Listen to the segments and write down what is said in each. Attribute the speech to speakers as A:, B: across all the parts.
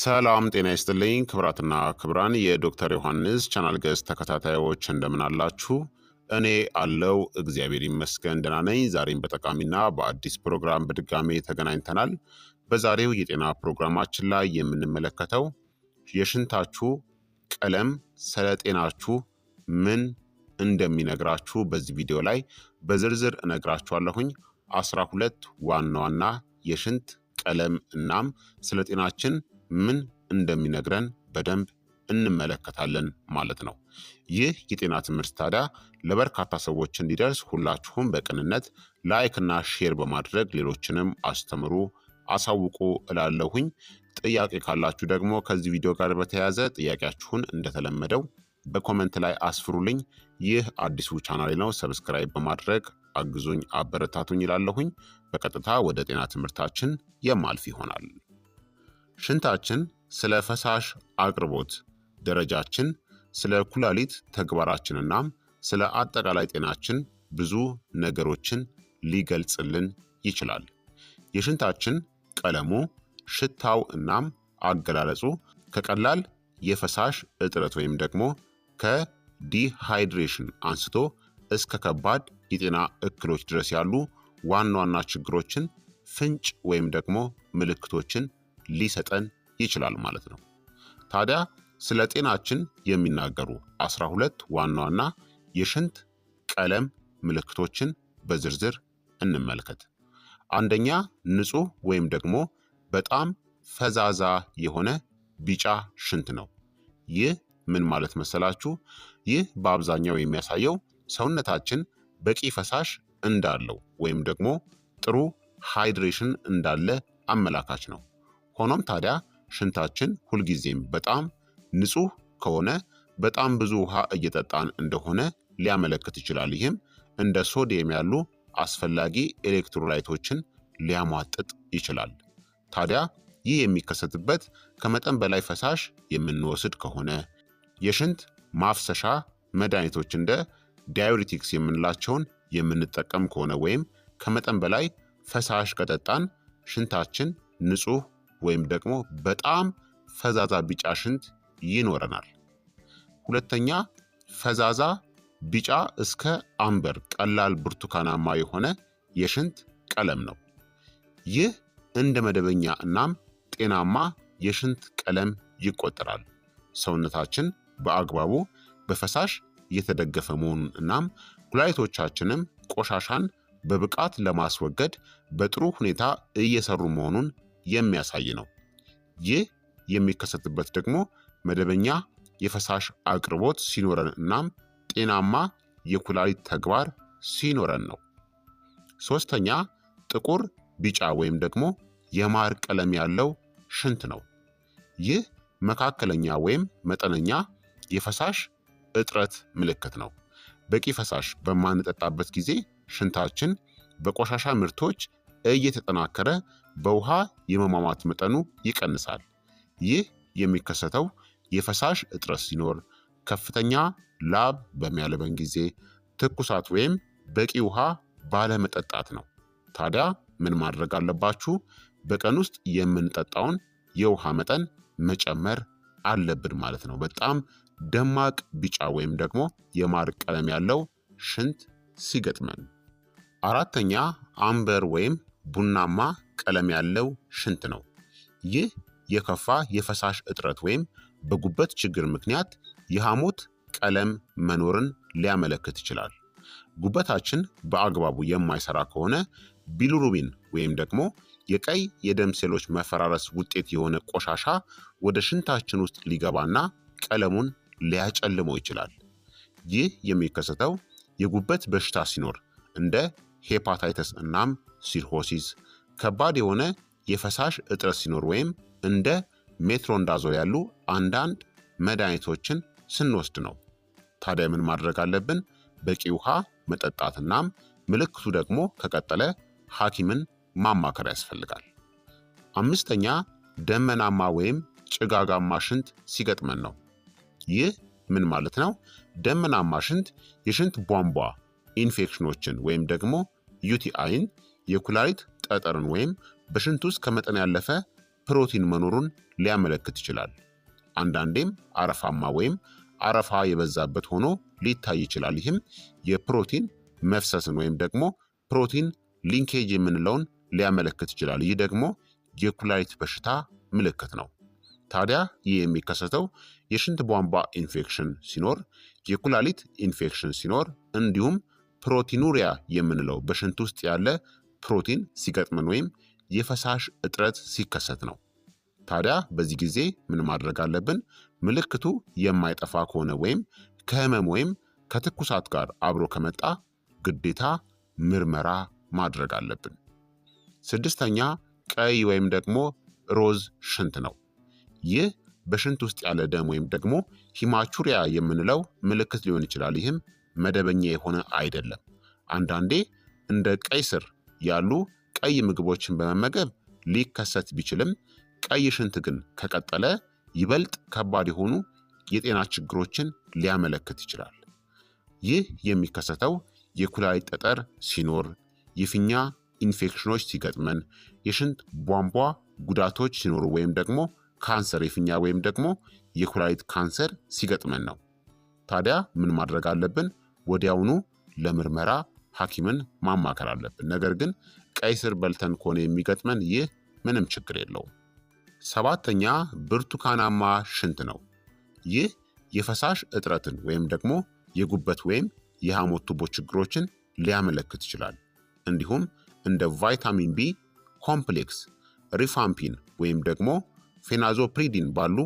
A: ሰላም ጤና ይስጥልኝ ክብራትና ክብራን የዶክተር ዮሐንስ ቻናል ገጽ ተከታታዮች እንደምን አላችሁ? እኔ አለው እግዚአብሔር ይመስገን ደህና ነኝ። ዛሬም በጠቃሚና በአዲስ ፕሮግራም በድጋሜ ተገናኝተናል። በዛሬው የጤና ፕሮግራማችን ላይ የምንመለከተው የሽንታችሁ ቀለም ስለ ጤናችሁ ምን እንደሚነግራችሁ በዚህ ቪዲዮ ላይ በዝርዝር እነግራችኋለሁኝ። አስራ ሁለት ዋና ዋና የሽንት ቀለም እናም ስለ ጤናችን ምን እንደሚነግረን በደንብ እንመለከታለን ማለት ነው። ይህ የጤና ትምህርት ታዲያ ለበርካታ ሰዎች እንዲደርስ ሁላችሁም በቅንነት ላይክና ሼር በማድረግ ሌሎችንም አስተምሩ፣ አሳውቁ እላለሁኝ። ጥያቄ ካላችሁ ደግሞ ከዚህ ቪዲዮ ጋር በተያያዘ ጥያቄያችሁን እንደተለመደው በኮመንት ላይ አስፍሩልኝ። ይህ አዲሱ ቻናሌ ነው። ሰብስክራይብ በማድረግ አግዙኝ፣ አበረታቱኝ ይላለሁኝ። በቀጥታ ወደ ጤና ትምህርታችን የማልፍ ይሆናል። ሽንታችን ስለ ፈሳሽ አቅርቦት ደረጃችን፣ ስለ ኩላሊት ተግባራችንና ስለ አጠቃላይ ጤናችን ብዙ ነገሮችን ሊገልጽልን ይችላል። የሽንታችን ቀለሙ፣ ሽታው እናም አገላለጹ ከቀላል የፈሳሽ እጥረት ወይም ደግሞ ከዲሃይድሬሽን አንስቶ እስከ ከባድ የጤና እክሎች ድረስ ያሉ ዋና ዋና ችግሮችን ፍንጭ ወይም ደግሞ ምልክቶችን ሊሰጠን ይችላል ማለት ነው። ታዲያ ስለ ጤናችን የሚናገሩ 12 ዋና ዋና የሽንት ቀለም ምልክቶችን በዝርዝር እንመልከት። አንደኛ ንጹህ ወይም ደግሞ በጣም ፈዛዛ የሆነ ቢጫ ሽንት ነው። ይህ ምን ማለት መሰላችሁ? ይህ በአብዛኛው የሚያሳየው ሰውነታችን በቂ ፈሳሽ እንዳለው ወይም ደግሞ ጥሩ ሃይድሬሽን እንዳለ አመላካች ነው። ሆኖም ታዲያ ሽንታችን ሁልጊዜም በጣም ንጹህ ከሆነ በጣም ብዙ ውሃ እየጠጣን እንደሆነ ሊያመለክት ይችላል። ይህም እንደ ሶዲየም ያሉ አስፈላጊ ኤሌክትሮላይቶችን ሊያሟጥጥ ይችላል። ታዲያ ይህ የሚከሰትበት ከመጠን በላይ ፈሳሽ የምንወስድ ከሆነ የሽንት ማፍሰሻ መድኃኒቶች እንደ ዳዩሪቲክስ የምንላቸውን የምንጠቀም ከሆነ ወይም ከመጠን በላይ ፈሳሽ ከጠጣን ሽንታችን ንጹህ ወይም ደግሞ በጣም ፈዛዛ ቢጫ ሽንት ይኖረናል። ሁለተኛ ፈዛዛ ቢጫ እስከ አምበር ቀላል ብርቱካናማ የሆነ የሽንት ቀለም ነው። ይህ እንደ መደበኛ እናም ጤናማ የሽንት ቀለም ይቆጠራል። ሰውነታችን በአግባቡ በፈሳሽ የተደገፈ መሆኑን እናም ኩላሊቶቻችንም ቆሻሻን በብቃት ለማስወገድ በጥሩ ሁኔታ እየሰሩ መሆኑን የሚያሳይ ነው። ይህ የሚከሰትበት ደግሞ መደበኛ የፈሳሽ አቅርቦት ሲኖረን እናም ጤናማ የኩላሊት ተግባር ሲኖረን ነው። ሶስተኛ ጥቁር፣ ቢጫ ወይም ደግሞ የማር ቀለም ያለው ሽንት ነው። ይህ መካከለኛ ወይም መጠነኛ የፈሳሽ እጥረት ምልክት ነው። በቂ ፈሳሽ በማንጠጣበት ጊዜ ሽንታችን በቆሻሻ ምርቶች እየተጠናከረ በውሃ የመሟሟት መጠኑ ይቀንሳል። ይህ የሚከሰተው የፈሳሽ እጥረት ሲኖር፣ ከፍተኛ ላብ በሚያለበን ጊዜ፣ ትኩሳት ወይም በቂ ውሃ ባለመጠጣት ነው። ታዲያ ምን ማድረግ አለባችሁ? በቀን ውስጥ የምንጠጣውን የውሃ መጠን መጨመር አለብን ማለት ነው። በጣም ደማቅ ቢጫ ወይም ደግሞ የማር ቀለም ያለው ሽንት ሲገጥመን። አራተኛ አምበር ወይም ቡናማ ቀለም ያለው ሽንት ነው። ይህ የከፋ የፈሳሽ እጥረት ወይም በጉበት ችግር ምክንያት የሐሞት ቀለም መኖርን ሊያመለክት ይችላል። ጉበታችን በአግባቡ የማይሰራ ከሆነ ቢሉሩቢን ወይም ደግሞ የቀይ የደም ሴሎች መፈራረስ ውጤት የሆነ ቆሻሻ ወደ ሽንታችን ውስጥ ሊገባና ቀለሙን ሊያጨልመው ይችላል። ይህ የሚከሰተው የጉበት በሽታ ሲኖር እንደ ሄፓታይተስ እናም ሲርሆሲስ ከባድ የሆነ የፈሳሽ እጥረት ሲኖር ወይም እንደ ሜትሮንዳዞል ያሉ አንዳንድ መድኃኒቶችን ስንወስድ ነው። ታዲያ ምን ማድረግ አለብን? በቂ ውሃ መጠጣት እናም ምልክቱ ደግሞ ከቀጠለ ሐኪምን ማማከር ያስፈልጋል። አምስተኛ ደመናማ ወይም ጭጋጋማ ሽንት ሲገጥመን ነው። ይህ ምን ማለት ነው? ደመናማ ሽንት የሽንት ቧንቧ ኢንፌክሽኖችን ወይም ደግሞ ዩቲአይን፣ የኩላሊት ጠጠርን ወይም በሽንት ውስጥ ከመጠን ያለፈ ፕሮቲን መኖሩን ሊያመለክት ይችላል። አንዳንዴም አረፋማ ወይም አረፋ የበዛበት ሆኖ ሊታይ ይችላል። ይህም የፕሮቲን መፍሰስን ወይም ደግሞ ፕሮቲን ሊንኬጅ የምንለውን ሊያመለክት ይችላል። ይህ ደግሞ የኩላሊት በሽታ ምልክት ነው። ታዲያ ይህ የሚከሰተው የሽንት ቧንቧ ኢንፌክሽን ሲኖር፣ የኩላሊት ኢንፌክሽን ሲኖር፣ እንዲሁም ፕሮቲኑሪያ የምንለው በሽንት ውስጥ ያለ ፕሮቲን ሲገጥመን ወይም የፈሳሽ እጥረት ሲከሰት ነው። ታዲያ በዚህ ጊዜ ምን ማድረግ አለብን? ምልክቱ የማይጠፋ ከሆነ ወይም ከህመም ወይም ከትኩሳት ጋር አብሮ ከመጣ ግዴታ ምርመራ ማድረግ አለብን። ስድስተኛ ቀይ ወይም ደግሞ ሮዝ ሽንት ነው። ይህ በሽንት ውስጥ ያለ ደም ወይም ደግሞ ሂማቹሪያ የምንለው ምልክት ሊሆን ይችላል። ይህም መደበኛ የሆነ አይደለም። አንዳንዴ እንደ ቀይ ስር ያሉ ቀይ ምግቦችን በመመገብ ሊከሰት ቢችልም ቀይ ሽንት ግን ከቀጠለ ይበልጥ ከባድ የሆኑ የጤና ችግሮችን ሊያመለክት ይችላል። ይህ የሚከሰተው የኩላሊት ጠጠር ሲኖር፣ የፊኛ ኢንፌክሽኖች ሲገጥመን፣ የሽንት ቧንቧ ጉዳቶች ሲኖሩ ወይም ደግሞ ካንሰር የፊኛ ወይም ደግሞ የኩላሊት ካንሰር ሲገጥመን ነው። ታዲያ ምን ማድረግ አለብን? ወዲያውኑ ለምርመራ ሐኪምን ማማከር አለብን። ነገር ግን ቀይ ስር በልተን ከሆነ የሚገጥመን ይህ ምንም ችግር የለውም። ሰባተኛ ብርቱካናማ ሽንት ነው። ይህ የፈሳሽ እጥረትን ወይም ደግሞ የጉበት ወይም የሐሞት ቱቦ ችግሮችን ሊያመለክት ይችላል። እንዲሁም እንደ ቫይታሚን ቢ ኮምፕሌክስ፣ ሪፋምፒን ወይም ደግሞ ፌናዞፕሪዲን ባሉ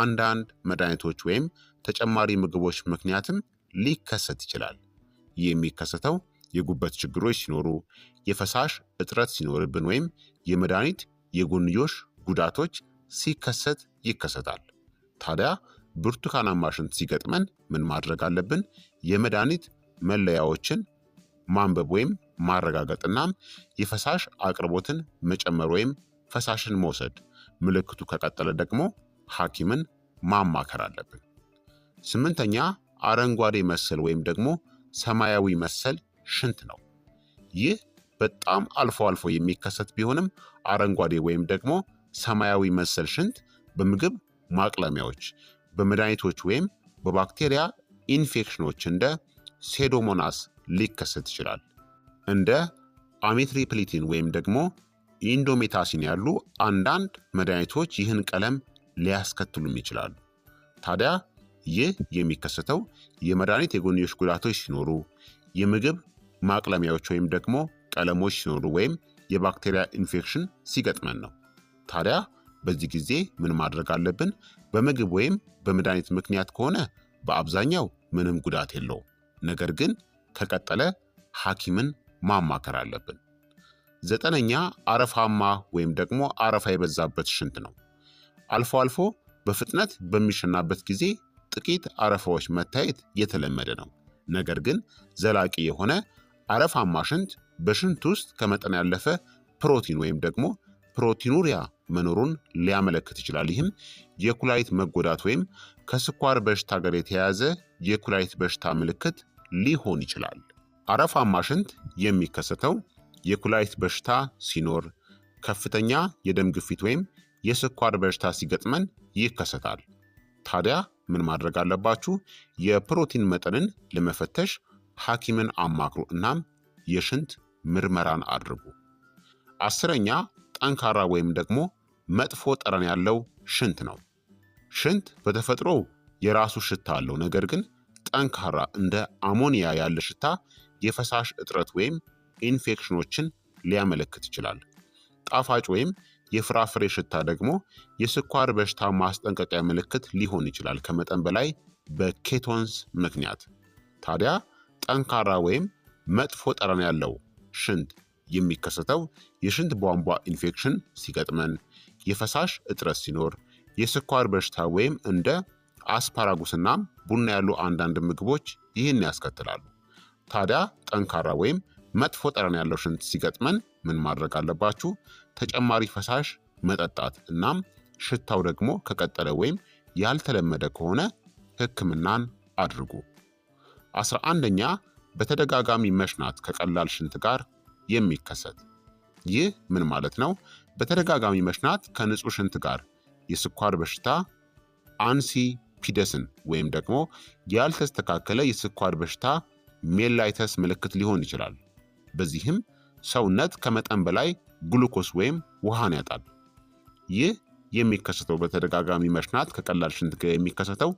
A: አንዳንድ መድኃኒቶች ወይም ተጨማሪ ምግቦች ምክንያትም ሊከሰት ይችላል። ይህ የሚከሰተው የጉበት ችግሮች ሲኖሩ፣ የፈሳሽ እጥረት ሲኖርብን ወይም የመድኃኒት የጎንዮሽ ጉዳቶች ሲከሰት ይከሰታል። ታዲያ ብርቱካናማ ሽንት ሲገጥመን ምን ማድረግ አለብን? የመድኃኒት መለያዎችን ማንበብ ወይም ማረጋገጥ የፈሳሽ አቅርቦትን መጨመር ወይም ፈሳሽን መውሰድ። ምልክቱ ከቀጠለ ደግሞ ሐኪምን ማማከር አለብን። ስምንተኛ አረንጓዴ መሰል ወይም ደግሞ ሰማያዊ መሰል ሽንት ነው። ይህ በጣም አልፎ አልፎ የሚከሰት ቢሆንም አረንጓዴ ወይም ደግሞ ሰማያዊ መሰል ሽንት በምግብ ማቅለሚያዎች፣ በመድኃኒቶች ወይም በባክቴሪያ ኢንፌክሽኖች እንደ ሴዶሞናስ ሊከሰት ይችላል። እንደ አሜትሪፕሊቲን ወይም ደግሞ ኢንዶሜታሲን ያሉ አንዳንድ መድኃኒቶች ይህን ቀለም ሊያስከትሉም ይችላሉ። ታዲያ ይህ የሚከሰተው የመድኃኒት የጎንዮሽ ጉዳቶች ሲኖሩ፣ የምግብ ማቅለሚያዎች ወይም ደግሞ ቀለሞች ሲኖሩ ወይም የባክቴሪያ ኢንፌክሽን ሲገጥመን ነው። ታዲያ በዚህ ጊዜ ምን ማድረግ አለብን? በምግብ ወይም በመድኃኒት ምክንያት ከሆነ በአብዛኛው ምንም ጉዳት የለው ነገር ግን ከቀጠለ ሐኪምን ማማከር አለብን። ዘጠነኛ አረፋማ ወይም ደግሞ አረፋ የበዛበት ሽንት ነው። አልፎ አልፎ በፍጥነት በሚሸናበት ጊዜ ጥቂት አረፋዎች መታየት የተለመደ ነው። ነገር ግን ዘላቂ የሆነ አረፋማ ሽንት በሽንት ውስጥ ከመጠን ያለፈ ፕሮቲን ወይም ደግሞ ፕሮቲኑሪያ መኖሩን ሊያመለክት ይችላል። ይህም የኩላሊት መጎዳት ወይም ከስኳር በሽታ ጋር የተያያዘ የኩላሊት በሽታ ምልክት ሊሆን ይችላል። አረፋማ ሽንት የሚከሰተው የኩላሊት በሽታ ሲኖር፣ ከፍተኛ የደም ግፊት ወይም የስኳር በሽታ ሲገጥመን ይከሰታል። ታዲያ ምን ማድረግ አለባችሁ? የፕሮቲን መጠንን ለመፈተሽ ሐኪምን አማክሩ እናም የሽንት ምርመራን አድርጉ። አስረኛ ጠንካራ ወይም ደግሞ መጥፎ ጠረን ያለው ሽንት ነው። ሽንት በተፈጥሮ የራሱ ሽታ አለው። ነገር ግን ጠንካራ እንደ አሞኒያ ያለ ሽታ የፈሳሽ እጥረት ወይም ኢንፌክሽኖችን ሊያመለክት ይችላል። ጣፋጭ ወይም የፍራፍሬ ሽታ ደግሞ የስኳር በሽታ ማስጠንቀቂያ ምልክት ሊሆን ይችላል ከመጠን በላይ በኬቶንስ ምክንያት። ታዲያ ጠንካራ ወይም መጥፎ ጠረን ያለው ሽንት የሚከሰተው የሽንት ቧንቧ ኢንፌክሽን ሲገጥመን፣ የፈሳሽ እጥረት ሲኖር፣ የስኳር በሽታ ወይም እንደ አስፓራጉስና ቡና ያሉ አንዳንድ ምግቦች ይህን ያስከትላሉ። ታዲያ ጠንካራ ወይም መጥፎ ጠረን ያለው ሽንት ሲገጥመን ምን ማድረግ አለባችሁ? ተጨማሪ ፈሳሽ መጠጣት እናም ሽታው ደግሞ ከቀጠለ ወይም ያልተለመደ ከሆነ ሕክምናን አድርጉ። አስራ አንደኛ በተደጋጋሚ መሽናት ከቀላል ሽንት ጋር የሚከሰት ይህ ምን ማለት ነው? በተደጋጋሚ መሽናት ከንጹህ ሽንት ጋር የስኳር በሽታ አንሲ ፒደስን ወይም ደግሞ ያልተስተካከለ የስኳር በሽታ ሜላይተስ ምልክት ሊሆን ይችላል። በዚህም ሰውነት ከመጠን በላይ ግሉኮስ ወይም ውሃን ያጣል። ይህ የሚከሰተው በተደጋጋሚ መሽናት ከቀላል ሽንት ጋር የሚከሰተው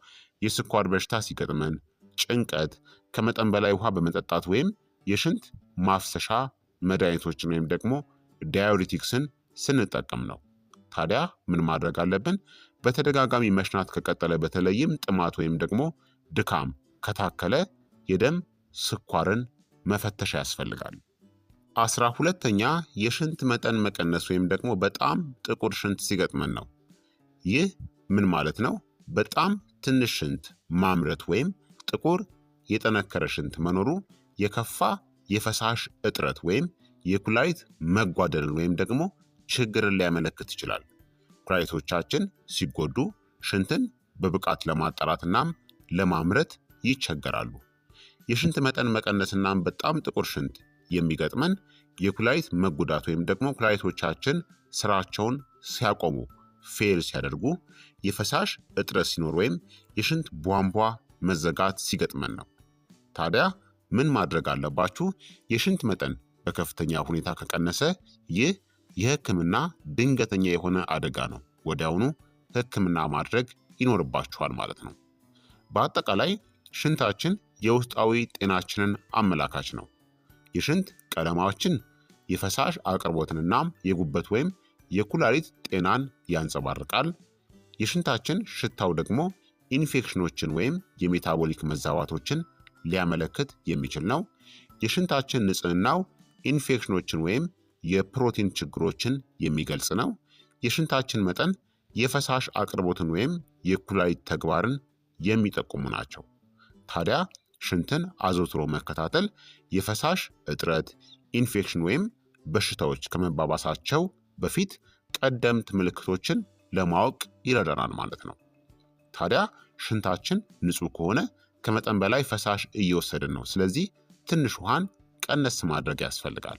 A: የስኳር በሽታ ሲገጥመን ጭንቀት፣ ከመጠን በላይ ውሃ በመጠጣት ወይም የሽንት ማፍሰሻ መድኃኒቶችን ወይም ደግሞ ዳዩሪቲክስን ስንጠቀም ነው። ታዲያ ምን ማድረግ አለብን? በተደጋጋሚ መሽናት ከቀጠለ በተለይም ጥማት ወይም ደግሞ ድካም ከታከለ የደም ስኳርን መፈተሻ ያስፈልጋል። አስራ ሁለተኛ የሽንት መጠን መቀነስ ወይም ደግሞ በጣም ጥቁር ሽንት ሲገጥመን ነው። ይህ ምን ማለት ነው? በጣም ትንሽ ሽንት ማምረት ወይም ጥቁር የጠነከረ ሽንት መኖሩ የከፋ የፈሳሽ እጥረት ወይም የኩላሊት መጓደልን ወይም ደግሞ ችግርን ሊያመለክት ይችላል። ኩላሊቶቻችን ሲጎዱ ሽንትን በብቃት ለማጣራት እናም ለማምረት ይቸገራሉ። የሽንት መጠን መቀነስ እናም በጣም ጥቁር ሽንት የሚገጥመን የኩላሊት መጎዳት ወይም ደግሞ ኩላሊቶቻችን ስራቸውን ሲያቆሙ ፌል ሲያደርጉ፣ የፈሳሽ እጥረት ሲኖር ወይም የሽንት ቧንቧ መዘጋት ሲገጥመን ነው። ታዲያ ምን ማድረግ አለባችሁ? የሽንት መጠን በከፍተኛ ሁኔታ ከቀነሰ ይህ የህክምና ድንገተኛ የሆነ አደጋ ነው። ወዲያውኑ ህክምና ማድረግ ይኖርባችኋል ማለት ነው። በአጠቃላይ ሽንታችን የውስጣዊ ጤናችንን አመላካች ነው። የሽንት ቀለማችን የፈሳሽ አቅርቦትንና የጉበት ወይም የኩላሊት ጤናን ያንጸባርቃል። የሽንታችን ሽታው ደግሞ ኢንፌክሽኖችን ወይም የሜታቦሊክ መዛባቶችን ሊያመለክት የሚችል ነው። የሽንታችን ንጽህናው ኢንፌክሽኖችን ወይም የፕሮቲን ችግሮችን የሚገልጽ ነው። የሽንታችን መጠን የፈሳሽ አቅርቦትን ወይም የኩላሊት ተግባርን የሚጠቁሙ ናቸው። ታዲያ ሽንትን አዘውትሮ መከታተል የፈሳሽ እጥረት፣ ኢንፌክሽን ወይም በሽታዎች ከመባባሳቸው በፊት ቀደምት ምልክቶችን ለማወቅ ይረዳናል ማለት ነው። ታዲያ ሽንታችን ንጹህ ከሆነ ከመጠን በላይ ፈሳሽ እየወሰድን ነው። ስለዚህ ትንሽ ውሃን ቀነስ ማድረግ ያስፈልጋል።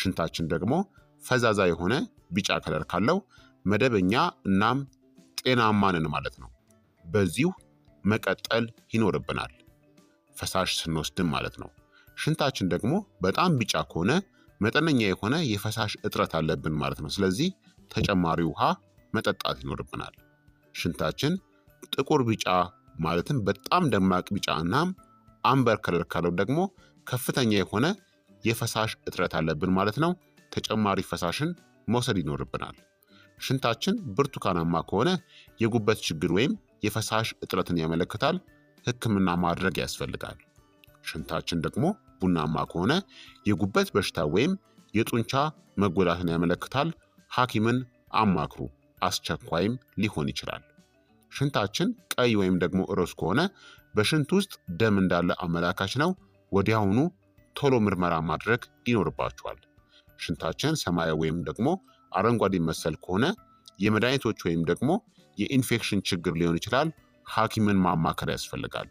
A: ሽንታችን ደግሞ ፈዛዛ የሆነ ቢጫ ከለር ካለው መደበኛ እናም ጤናማንን ማለት ነው። በዚሁ መቀጠል ይኖርብናል፣ ፈሳሽ ስንወስድም ማለት ነው። ሽንታችን ደግሞ በጣም ቢጫ ከሆነ መጠነኛ የሆነ የፈሳሽ እጥረት አለብን ማለት ነው። ስለዚህ ተጨማሪ ውሃ መጠጣት ይኖርብናል። ሽንታችን ጥቁር ቢጫ ማለትም በጣም ደማቅ ቢጫ እና አምበር ከለር ካለው ደግሞ ከፍተኛ የሆነ የፈሳሽ እጥረት አለብን ማለት ነው። ተጨማሪ ፈሳሽን መውሰድ ይኖርብናል። ሽንታችን ብርቱካናማ ከሆነ የጉበት ችግር ወይም የፈሳሽ እጥረትን ያመለክታል። ሕክምና ማድረግ ያስፈልጋል። ሽንታችን ደግሞ ቡናማ ከሆነ የጉበት በሽታ ወይም የጡንቻ መጎዳትን ያመለክታል። ሐኪምን አማክሩ፣ አስቸኳይም ሊሆን ይችላል። ሽንታችን ቀይ ወይም ደግሞ ሮዝ ከሆነ በሽንት ውስጥ ደም እንዳለ አመላካች ነው። ወዲያውኑ ቶሎ ምርመራ ማድረግ ይኖርባቸዋል። ሽንታችን ሰማያዊ ወይም ደግሞ አረንጓዴ መሰል ከሆነ የመድኃኒቶች ወይም ደግሞ የኢንፌክሽን ችግር ሊሆን ይችላል። ሐኪምን ማማከር ያስፈልጋል።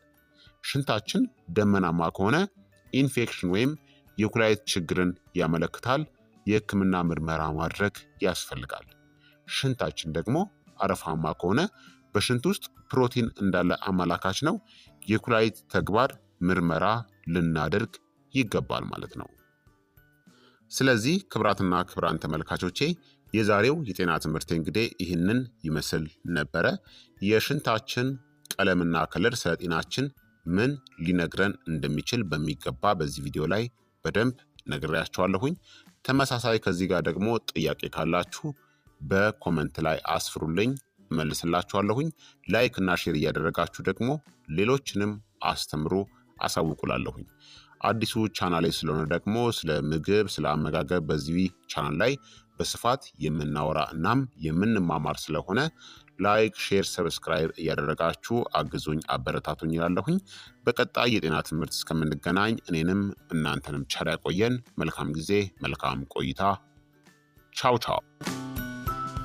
A: ሽንታችን ደመናማ ከሆነ ኢንፌክሽን ወይም የኩላሊት ችግርን ያመለክታል። የህክምና ምርመራ ማድረግ ያስፈልጋል። ሽንታችን ደግሞ አረፋማ ከሆነ በሽንት ውስጥ ፕሮቲን እንዳለ አመላካች ነው። የኩላሊት ተግባር ምርመራ ልናደርግ ይገባል ማለት ነው። ስለዚህ ክብራትና ክብራን ተመልካቾቼ የዛሬው የጤና ትምህርት እንግዲህ ይህንን ይመስል ነበረ። የሽንታችን ቀለምና ከለር ስለ ጤናችን ምን ሊነግረን እንደሚችል በሚገባ በዚህ ቪዲዮ ላይ በደንብ ነግሬያቸዋለሁኝ። ተመሳሳይ ከዚህ ጋር ደግሞ ጥያቄ ካላችሁ በኮመንት ላይ አስፍሩልኝ። መልስላችኋለሁኝ። ላይክ እና ሼር እያደረጋችሁ ደግሞ ሌሎችንም አስተምሩ አሳውቁላለሁኝ። አዲሱ ቻናል ላይ ስለሆነ ደግሞ ስለ ምግብ፣ ስለ አመጋገብ በዚህ ቻናል ላይ በስፋት የምናወራ እናም የምንማማር ስለሆነ ላይክ፣ ሼር፣ ሰብስክራይብ እያደረጋችሁ አግዙኝ፣ አበረታቱኝ ይላለሁኝ። በቀጣይ የጤና ትምህርት እስከምንገናኝ እኔንም እናንተንም ቸር ያቆየን። መልካም ጊዜ፣ መልካም ቆይታ። ቻው ቻው።